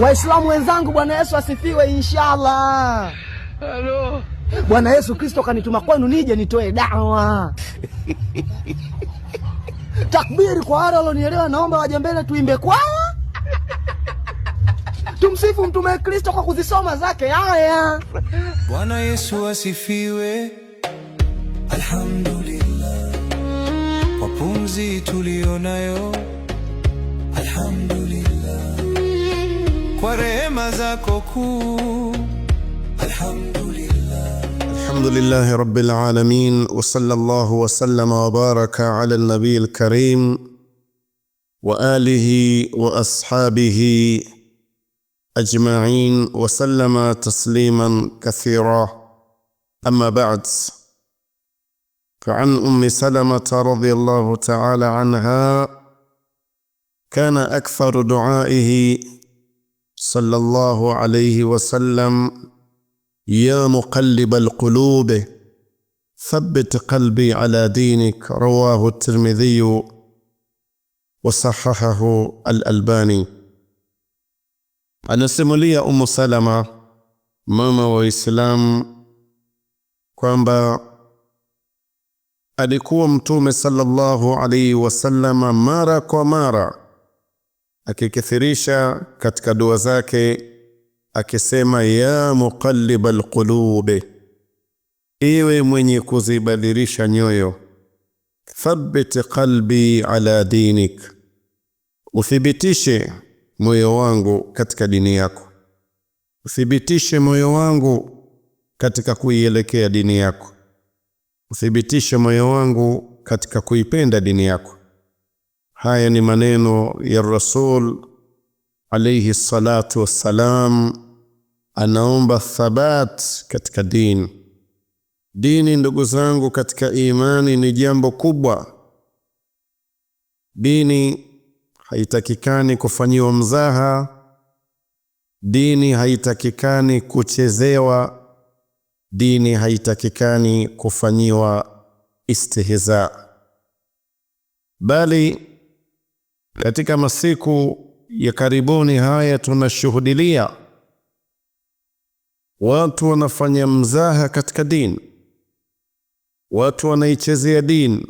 Waislamu wenzangu, Bwana Yesu asifiwe. Inshallah, halo. Bwana Yesu Kristo kanituma kwenu nije nitoe dawa Takbiri kwa wale walionielewa, naomba waje mbele tuimbe kwaya, tumsifu Mtume Kristo kwa kuzisoma zake haya. Bwana Yesu asifiwe. Alhamdulillah kwa pumzi tulionayo, alhamdulillah kwa rehema zako kuu. Alhamdulillah, alhamdulillahi rabbil alamin wa sallallahu wa sallama wa baraka ala nabiyil karim wa alihi wa ashabihi ajma'in wa sallama tasliman kathira amma ba'd فعن ام سلمه رضي الله تعالى عنها كان اكثر دعائه صلى الله عليه وسلم يا مقلب القلوب ثبت قلبي على دينك رواه الترمذي وصححه الألباني أنا سمولي أم سلمة ماما وإسلام كوانبا ألكو تومي صلى الله عليه وسلم مارا كومارا akikithirisha katika dua zake akisema, ya muqalliba alqulubi, iwe mwenye kuzibadilisha nyoyo. Thabbit qalbi ala dinik, uthibitishe moyo wangu katika dini yako, uthibitishe moyo wangu katika kuielekea dini yako, uthibitishe moyo wangu katika kuipenda dini yako. Haya ni maneno ya Rasul alayhi salatu wassalam, anaomba thabat katika dini. Dini ndugu zangu katika imani ni jambo kubwa. Dini haitakikani kufanyiwa mzaha, dini haitakikani kuchezewa, dini haitakikani kufanyiwa istihza, bali Katika masiku ya karibuni haya tunashuhudilia watu wanafanya mzaha katika dini, watu wanaichezea dini,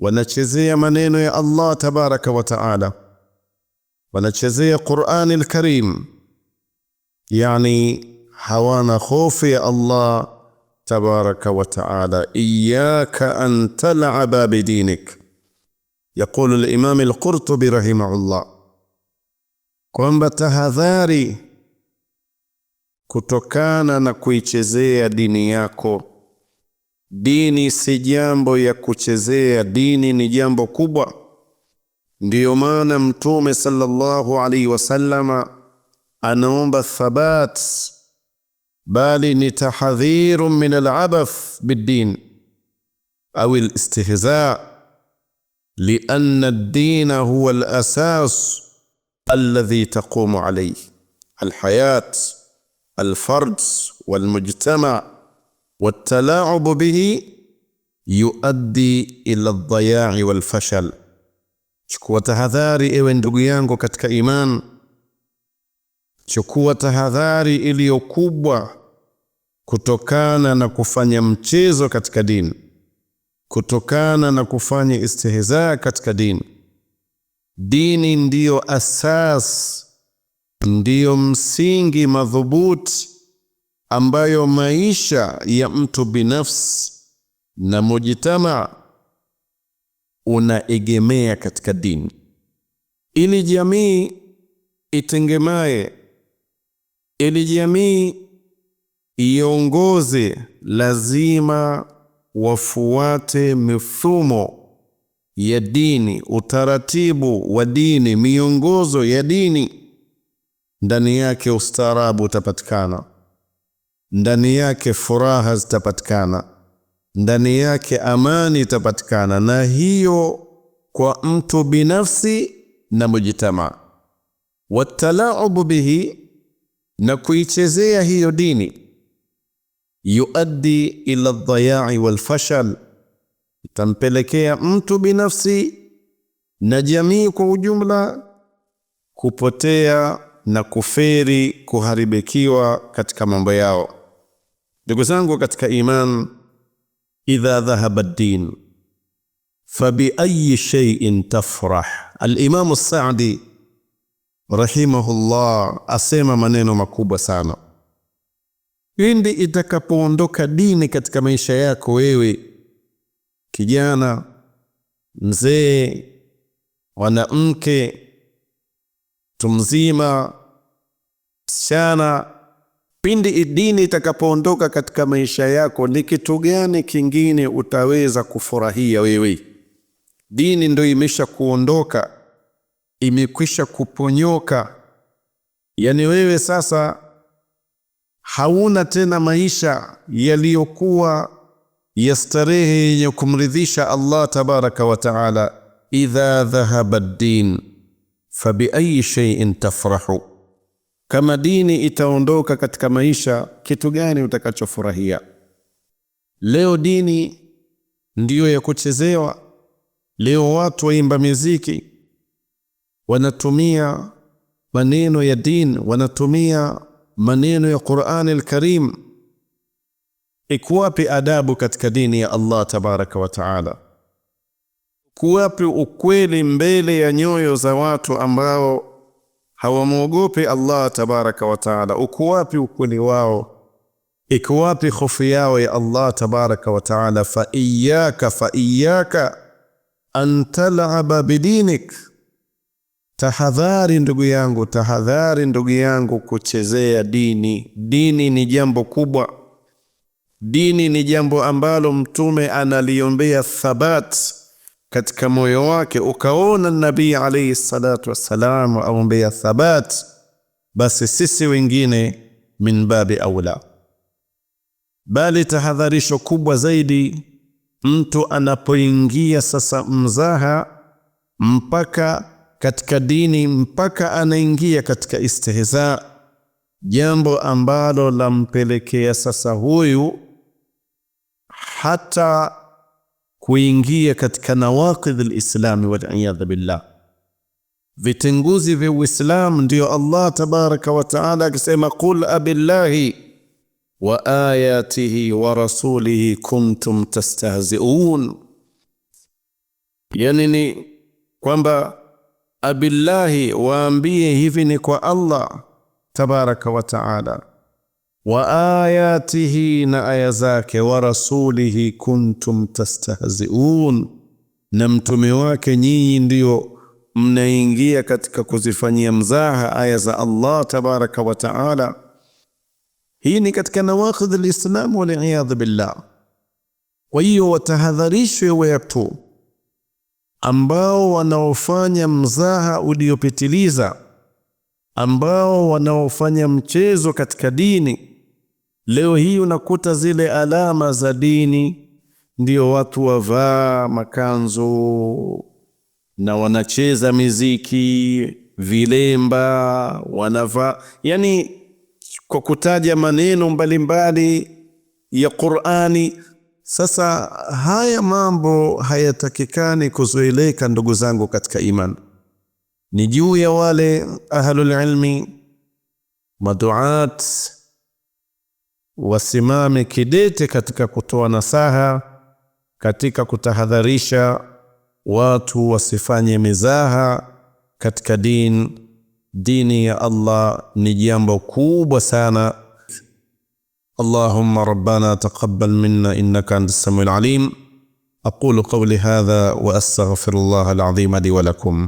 wanachezea maneno ya Allah tabaraka wa taala, wanachezea Qurani Alkarim, yani hawana hofu ya Allah tabaraka wa taala. Iyaka an talaba bidinik Yaqulu limam lqurtubi rahimahullah kwamba tahadhari kutokana na kuichezea dini yako. Dini si jambo ya kuchezea, dini ni jambo kubwa. Ndiyo maana Mtume sallallahu alaihi wasallama anaomba thabat, bali ni tahadhiru min alabath biddin au listihzaa لان الدين هو الاساس الذي تقوم عليه الحياه الفرد والمجتمع والتلاعب به يؤدي ila الضياع والفشل chukua tahadhari ewe ndugu yangu katika iman chukua tahadhari iliyo kubwa kutokana na kufanya mchezo katika dini kutokana na kufanya istihza katika dini. Dini ndiyo asas, ndiyo msingi madhubuti ambayo maisha ya mtu binafsi na mujitama unaegemea katika dini. Ili jamii itengemae ili jamii iongoze, lazima wafuate mifumo ya dini, utaratibu wa dini, miongozo ya dini. Ndani yake ustaarabu utapatikana, ndani yake furaha zitapatikana, ndani yake amani itapatikana, na hiyo kwa mtu binafsi na mujtamaa. Watalaubu bihi, na kuichezea hiyo dini yuaddi ila ldhayai walfashal, itampelekea mtu binafsi na jamii kwa ujumla kupotea na kuferi, kuharibikiwa katika mambo yao. Ndugu zangu katika iman, idha dhahaba ddin fabiayi shaiin tafrah. Alimamu Saadi rahimahullah asema maneno makubwa sana pindi itakapoondoka dini katika maisha yako wewe, kijana, mzee, mwanamke, mtu mzima, msichana, pindi dini itakapoondoka katika maisha yako, ni kitu gani kingine utaweza kufurahia wewe? Dini ndio imesha kuondoka, imekwisha kuponyoka, yaani wewe sasa hauna tena maisha yaliyokuwa ya starehe yenye kumridhisha Allah tabaraka wa taala. Idha dhahaba bi fabiayi shay'in tafrahu, kama dini itaondoka katika maisha, kitu gani utakachofurahia? Leo dini ndiyo ya kuchezewa. Leo watu waimba miziki wanatumia maneno ya dini, wanatumia maneno ya Qur'an al-Karim. Iko wapi adabu katika dini ya Allah tabaraka wa taala? Kuwapi ukweli mbele ya nyoyo za watu ambao hawamwogopi Allah tabaraka wa taala? Uko wapi ukweli wao? Iko wapi hofu yao ya Allah tabaraka wa taala? fa iyaka fa iyaka an tal'aba bidinik Tahadhari ndugu yangu, tahadhari ndugu yangu, kuchezea dini. Dini ni jambo kubwa, dini ni jambo ambalo Mtume analiombea thabat katika moyo wake. Ukaona Nabii alaihi salatu wassalam aombea thabat, basi sisi wengine min babi aula. Bali tahadharisho kubwa zaidi, mtu anapoingia sasa mzaha mpaka katika dini mpaka anaingia katika istihza, jambo ambalo lampelekea sasa huyu hata kuingia katika nawaqidhi lislami waliyadhu billah, vitenguzi vya Uislamu. Ndiyo Allah tabaraka wa taala akisema, qul abillahi wa ayatihi wa rasulihi kuntum tastahziun, yani ni kwamba abillahi, waambie hivi ni kwa Allah tabaraka wa taala, wa ayatihi, na aya zake, wa rasulihi kuntum tastahziun, na mtume wake nyinyi ndio mnaingia katika kuzifanyia mzaha aya za Allah tabaraka wa taala. Hii ni katika nawaqidh lislamu waliyadhu billah. Kwa hiyo watahadharishwe watu ambao wanaofanya mzaha uliopitiliza, ambao wanaofanya mchezo katika dini. Leo hii unakuta zile alama za dini ndio watu wavaa makanzu na wanacheza miziki, vilemba wanavaa, yani kwa kutaja maneno mbalimbali mbali ya Qur'ani sasa haya mambo hayatakikani kuzoeleka ndugu zangu katika iman. Ni juu ya wale ahlul ilmi maduat wasimame kidete katika kutoa nasaha, katika kutahadharisha watu wasifanye mizaha katika din. Dini ya Allah ni jambo kubwa sana اللهم ربنا تقبل منا انك انت السميع العليم اقول قولي هذا واستغفر الله العظيم لي ولكم